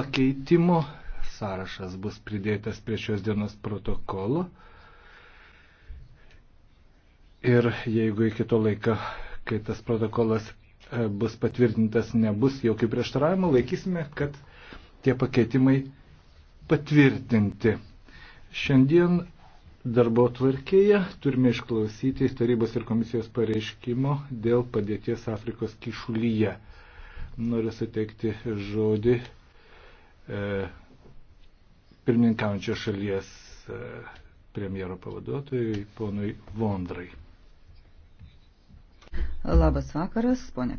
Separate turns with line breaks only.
pakeitimo. Sąrašas bus pridėtas prie šios dienos protokolo. Ir jeigu iki to laiko, kai tas protokolas e, bus patvirtintas, nebus jokių prieštaravimų, laikysime, kad tie pakeitimai patvirtinti. Šiandien darbo tvarkėje turime išklausyti tarybos ir komisijos pareiškimo dėl padėties Afrikos kišulyje. Noriu suteikti žodį E, pirmininkaujančios šalies e, premjero pavaduotojui ponui Vondrai.
Labas vakaras, ponė.